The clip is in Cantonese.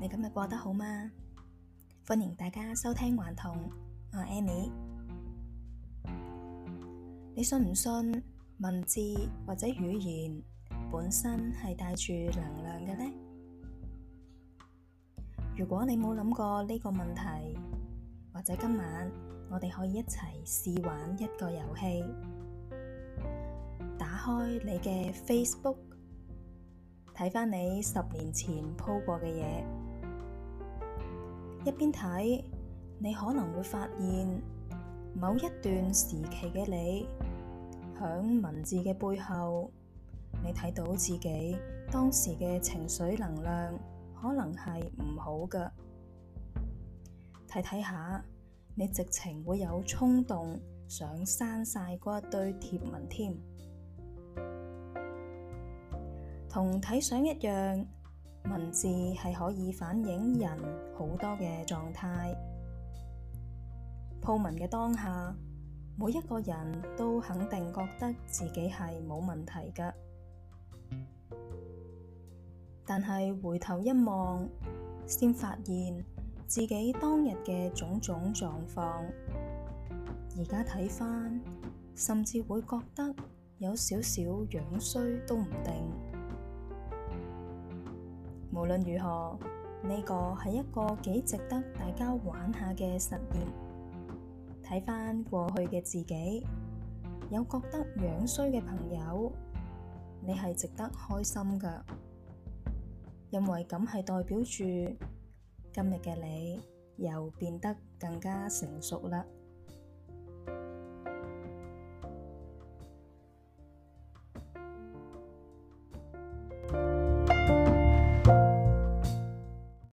你今日過得好嗎？歡迎大家收聽還童，我係 Annie。你信唔信文字或者語言本身係帶住能量嘅呢？如果你冇諗過呢個問題，或者今晚我哋可以一齊試玩一個遊戲。打開你嘅 Facebook，睇返你十年前鋪過嘅嘢。一邊睇，你可能會發現某一段時期嘅你，響文字嘅背後，你睇到自己當時嘅情緒能量可能係唔好㗎。睇睇下，你直情會有衝動想刪晒嗰一堆貼文添，同睇相一樣。文字係可以反映人好多嘅狀態。鋪文嘅當下，每一個人都肯定覺得自己係冇問題㗎。但係回頭一望，先發現自己當日嘅種種狀況。而家睇返，甚至會覺得有少少樣衰都唔定。無論如何，呢個係一個幾值得大家玩下嘅實驗。睇翻過去嘅自己，有覺得樣衰嘅朋友，你係值得開心噶，因為咁係代表住今日嘅你又變得更加成熟啦。